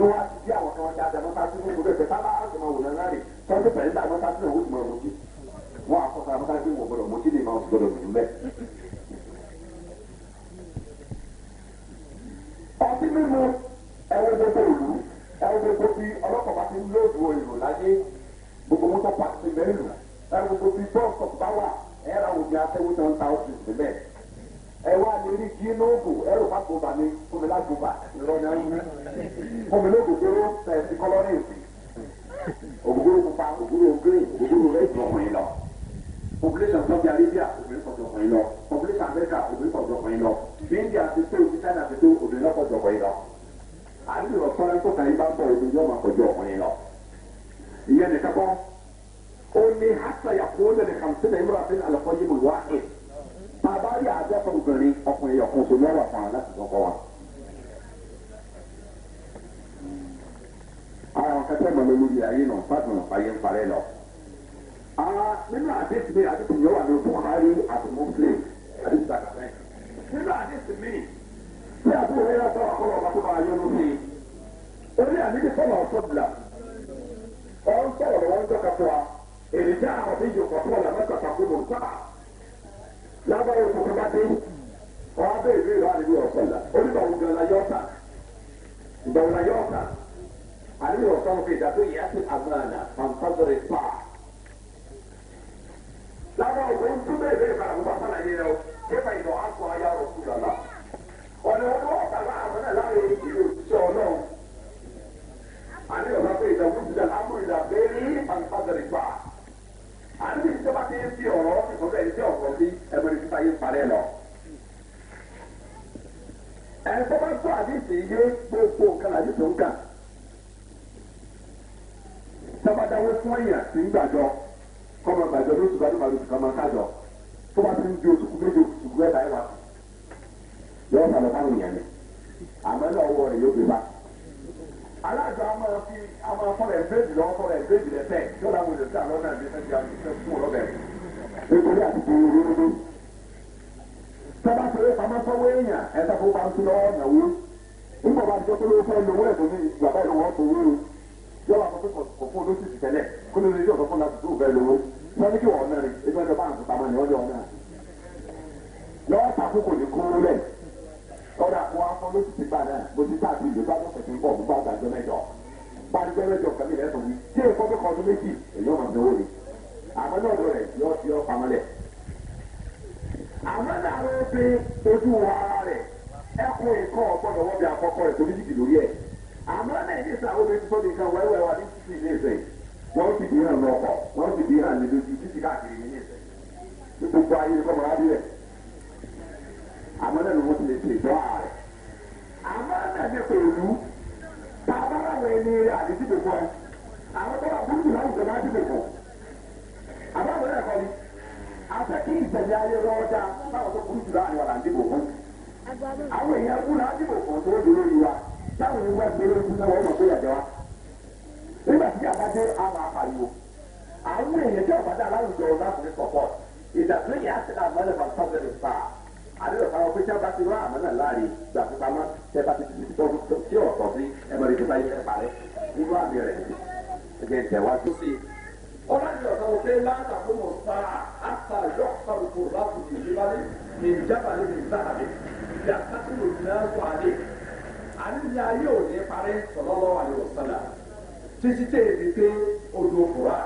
ní wọn ti bí àwọn kan ọjà àjàmọ́ sáájú ní ìlú rẹ̀ sábà á sì máa wò náírà rẹ̀ twenty percent àmọ́ sáájú náà ó sì máa mú wọn àkọsọ àmọ́ sáájú wò gbọdọ̀ mú lè máa sì gbọdọ̀ lù mẹ́. ọtí mímu ẹwọ gbogbo ìlú ẹwọ gbogbo bí ọlọ́pàá bá ti ń lóògùn òyìnbó láyé gbogbo mọ́tò pàṣẹ mẹ́rin ẹwọ gbogbo bí bọ́ọ̀sì yínógò ẹrù pàtóba ní kòmílágbòba ìrọ̀lẹ́ ayé kòmílógò tó tẹ̀sí kọ́lọ́rì ìsì ògùgúrò pupa ògùgúrò green ògùgúrò rẹ̀ jọ ọkùnrin lọ population Saudi Arabia obìnrin pọ̀ jọ ọkùnrin lọ population America obìnrin pọ̀ jọ ọkùnrin lọ India ti tó ti China ti tó obìnrin lọ́pọ̀ jọ ọkùnrin lọ àdúgbò ọ̀sán tó kàn yín bá ń bọ̀ obìnrin yóò máa pọ̀ jọ ọkùnrin lọ ìyẹn nìkan kọ́ ó ní hasa yakó lẹ́nu kàmsínà imúra fún alakọ́yé mu wáhìn táyà ajẹ́pọ̀ obìnrin ọkùnrin ọ̀kan ṣe lọ́wọ́ fún wa láti kọ́kọ́ wa. ara wọn kẹsẹ́ mọ̀ lórí ayé náà fásitì náà fàyè ń parẹ́ lọ. nínú àdéhùn mi àdéhùn yóò wà ní buhari àti muslim àdéhùn sàkàtà nínú àdéhùn mi tí àbúrò yẹn bá ọkọ̀ ọ̀gá tó máa yọ lórí lè pa lábẹ́ òwe ń tún bẹ́ẹ̀ bẹ́ẹ̀ bàrà wọ́pá fún àyè rẹ o kébà ìlọ akọ ayé ọ̀rọ̀ kù lọ́la ọ̀nà ọ̀dọ́ ọ̀tà láàbọ̀ náà láàrin ìlú sí ọ̀nà àní ọ̀nà pé ìdàgbù ìdà amúrìdà bẹ́ẹ̀ ní àǹfààní pa àní ìjọba ti ń fi ọ̀rọ̀ ìfọ̀bẹ́ ìdí ọ̀rọ̀ bí ẹgbẹ̀rún ìfipá yé bá tó àdìsí yé gbogbo nǹkan ń sọ́yìn àti gbàjọ kọ́mọ gbàjọ lóṣù gbàjọ màlúù kọ́mọ kájọ tó bá ti ń di oṣù méje oṣù mẹ́ta ẹ̀ wá yọ ọ̀sán lọ́kàn nìyẹn ni àmọ́ ẹ̀ lọ́wọ́ rẹ̀ yóò gbé bá. alájọ a fi a máa bẹ́ẹ̀dì lọ́wọ́ fọ́ra bẹ́ẹ̀dì rẹ̀ tẹ̀ làwọn olè sáà lọ́nà àbí fẹ́ẹ́ fi fẹ́ fún ọlọ́bẹ̀ rẹ̀. nítorí àti tó yẹ owó yìí àmọ́ náà lọ rẹ̀ yọ sí ọ pamọ́ lẹ̀ náà ló fi ojú ara rẹ̀ ẹkùn ìkọ́ ọgbọ́dọ̀ wọ́n bí akọ́kọ́ rẹ̀ jìkì lórí ẹ̀ àmọ́ náà ní sàwọn tó ní ilé ti hàn ti hàn lójú káàkiri ní ní gbogbo ayé náà ló náà ní àwọn ẹ̀dá ayé rọ́ọ̀dá táwọn tó kúrú jù láàrin wa là ń dìbò fún. àwọn èèyàn kú là ń dìbò fún tó dúró yìí wa táwọn ìwé ẹgbẹ́ ló kú náà wọ́n mọ̀ pé yàjẹ́ wa. nígbà tí yàrá dé àwọn apariwo àwọn èèyàn tí ọ̀bàdà aláwùjọ láti sọ̀pọ̀ ìdàtúnyẹ àti àmọ́lẹ̀ fàtọ́sẹ̀ lè fà á. àdéhùn àwọn pé tí wọ́n bá ti rán àmọ́lẹ̀ láàrin gbà fipá mọ́ tẹ́ bá ti ti tọ́ sí ọ̀tọ̀ sí ẹ̀mọ́lẹ̀ tó bá yẹ parẹ́ nínú àmì rẹ̀ ẹ̀jẹ̀ ìtẹ̀wájú. ọlọ́dún ọ̀sán wo pé láǹtà fún mọ̀ sáà á ta ìjọ يرفع القربات من جبل من جبل من ذهب يقتتل الناس عليه àní ayé òní parí sallallahu alaihi wasallam títí tẹ̀ ẹ́ di pé odò kura.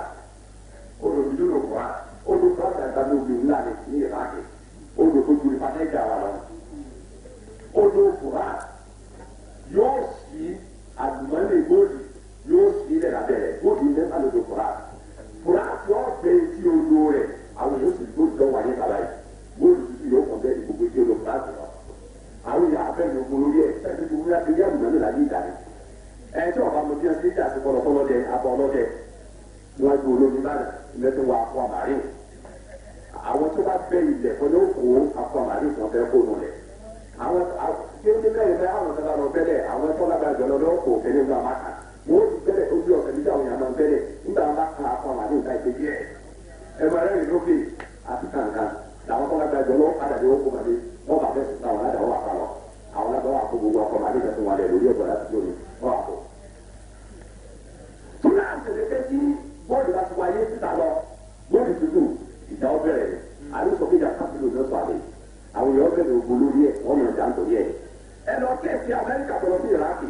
abẹ́rẹ́ ogun lórí ẹ̀ ẹ̀ẹ́dẹ́gbẹ́ gbogbo yá ilé àmì lónìí láyé ìdá rẹ̀ ẹ̀ tí ọ̀bá mo bí wọn ti dà sí kọ́lọ́ fọlọ́dẹ abọ́ ọlọ́dẹ wọn ju olómi lánàá lẹ́tọ́ wa akọ àmàrí àwọn tó bá bẹ ilẹ̀ fọlọ́ kó akọ àmàrí fún ọ̀fẹ́ kó nù lẹ̀ àwọn tí ó ní bẹ́ẹ̀ bẹ́ẹ̀ àwọn sábà lọ bẹ́lẹ̀ àwọn tó lágbára jọ lọ́dọ́ kò fẹ́ nígbà má kà wọ́n ti bẹ́lẹ̀ ojú ọ̀fẹ́ nígbà wọn yà máa bẹ́lẹ̀ nígbà wọn bá kan akọ àmàrí nǹkan ìpè díẹ̀ ẹ̀rọ ẹ̀rìn lókè àti kàǹkà làwọn tó bá fẹ́ sùn gbogbo ọkọ̀ máa nígbà tó wà lẹ̀ lórí ọ̀gbọ̀n láti lórí ọ̀rọ̀ àpò. tí náà ṣe lè fẹ́ kí bọ́ọ̀lù bá ti wáyé síta lọ bọ́ọ̀lù tútù ìjà ọ bẹ̀rẹ̀ àlùkò kéjà kápẹ́lò ní ọ̀sán àlè àwọn èèyàn bẹ̀rẹ̀ ògbó lórí ẹ̀ wọ́n mọ̀ ìjà nítorí ẹ̀. ẹ lọ kẹ́ẹ̀sì amẹ́ríkà tọ̀rọ̀ sí ìrákì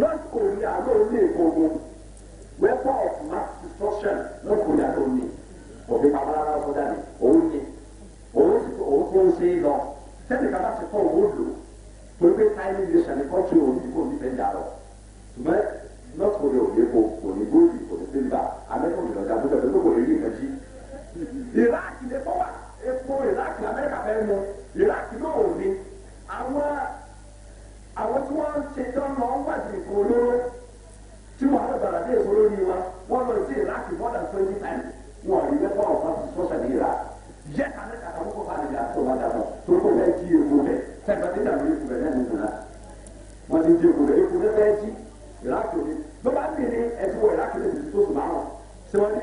north korea ló ń lé ìkógun weapon of mass destruction north korea ló ń lé òfin babaláwo sọdá ni òun ni òun ti òun ti ń ṣe é lọ sẹ́ni kàbá ti kọ́ òun lò pépé táyé ilé sani kọ́tù òyìnbó níbẹ̀ dàrọ̀ mẹ mẹkùnrin òye kò kò ní góòlì kò ní sílva amẹ́kùn mi lọ́jà fún bẹ́ẹ̀ lọ́kọ̀ èyí ìfẹ́ sí. ìlà àkìlẹ̀ fọwọ́ epo ìlà àkìlẹ̀ amẹ́ríkà fẹ́ mu. wọ́n ti di èkúrẹ́ èkúrẹ́ bẹ́ẹ̀ jí ìrákìlẹ̀ ló bá ń bèrè ẹ̀dínwó ìrákìlẹ̀ tó sùn máa hàn ṣé wọ́n ti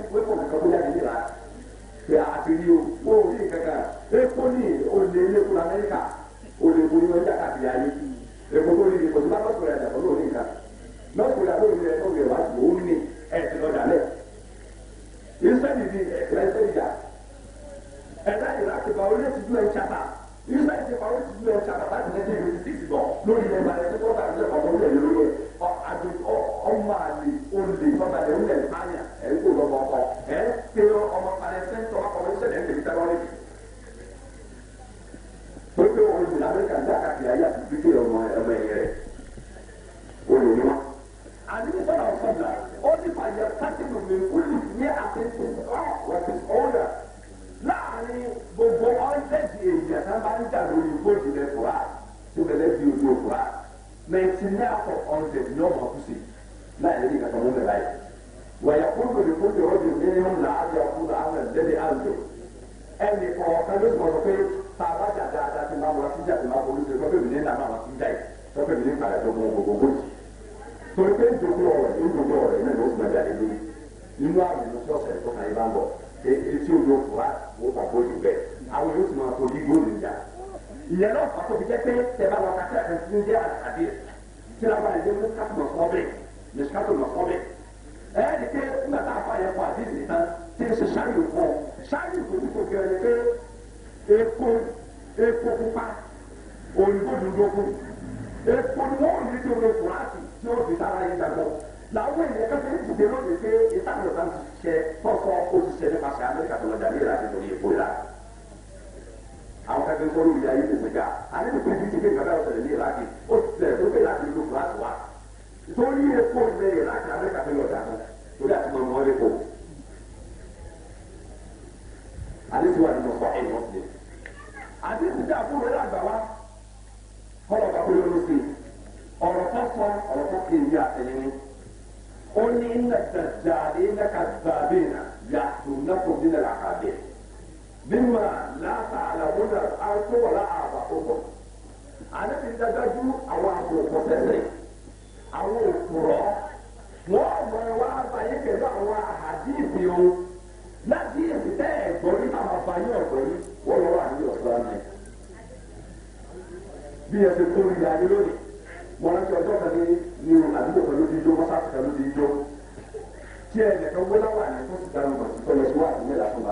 kan bá ń jà lórí bóòdù rẹ̀ kura tó bẹ̀rẹ̀ bí ojú òkura mẹ̀tì ní akọ ọ̀ndẹ̀d ní ọmọ àkúsè láì lè ní kàtà mú bẹ̀rẹ̀ ayé wàyà kúndùn ní kúndùn ọdún ní ní hàn náà àjọ kúndùn àwọn ẹ̀dẹ́dẹ́ àjọ ẹnì kọ̀ọ̀kan ló gbọ́dọ̀ pé tá a bá jà dáadáa ti máa wọ́n ti jà ti máa wọ́n ti sọ pé mi ní nà máa wọ́n ti jà yìí sọ pé mi ní padà tó mọ gbogbo torí pé ìdòkú ọ̀rọ̀ ìdòkú ọ̀rọ̀ ìnáwó gbàgbà lé lórí inú àwọn ìlú sọ̀sẹ̀ tó kàn yín bá ń bọ̀ etí ojú òkúra wọ́n pàpọ̀ jù bẹ́ẹ̀ àwọn yóò ti máa fojú gbòòdì ìyẹn náà fà kó fi jẹ́ pé tẹ̀bá lọ kásẹ̀ kan ti ń jẹ́ àlàkàdé síláwá ilé mú kátó lọ kọ́ bẹ́ẹ̀ lè kátó lọ kọ́ bẹ́ẹ̀. ẹ ẹ́ di pé nígbà tá a fà yẹ kó àdéhùn nìkan tí ń ṣe sáyò kọ́ sáyò kò ní kò fi ẹni pé epo epo pupa òyìnbó dundoko epo ni wọ́n rí tó lè kó láti tí ó fi sára yín dàgbọ́ làwọn èèyàn kẹsàn-án ti lónìí pé ìtàn fún kọ́rù ìyá yìí lè gbẹ̀gà alẹ́ mi pẹ̀lú ti gbé ìgbàdá ọ̀sẹ̀ ní ìlàjì ó ti tẹ̀ tó gbé ìlàjì ló fún àtúwà torí epo ní ìlàjì amẹ́ka fẹ́ lọ́ọ̀dà kan torí àti mọ̀ mọ́ lẹ́kọ̀ọ́ alẹ́ ti wà nínú ọ̀pá ẹ̀ wọ́n ti àti ti dà fún rẹ̀ àgbà wa kọ́lọ̀ bá kúrò ló sí ọ̀rọ̀ tó sọ ọ̀rọ̀ tó kì í yá ẹ̀yìn ó ní ilẹ̀ tẹ̀ bima la ta'lamuna an ko la aba'ukum anabi dadaju àwọn àbòkò tẹsẹ àwọn òkúrọ wọn ọmọ ẹ wá báyìí pẹ̀lú àwọn àhàdìsì o láti èsì tẹ ẹgbọn ní àwọn àbáyé ọgbọn yìí wọn lọ wà ní ọgbà mi bí ti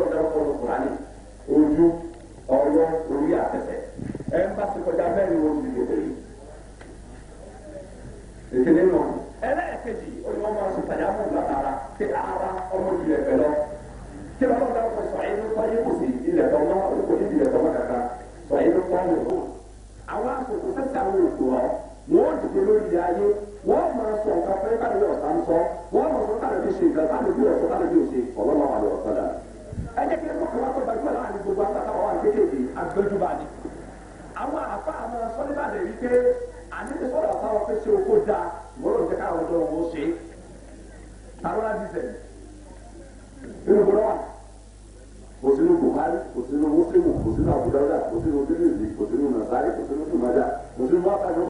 àfa àmọ́ sọ́nìbàdàn yìí pé àníbi sọ̀rọ̀ àtàwọn pé ṣé o kò da wọ́n lọ jẹ́ káwọn ọ̀dọ́ wọn ṣe. tarola diesel nínú gbọ́dọ̀ wà kò sínú Buhari kò sínú Muslim kò sínú Abu Dawud kò sínú bílíọ̀nì kò sínú Nasari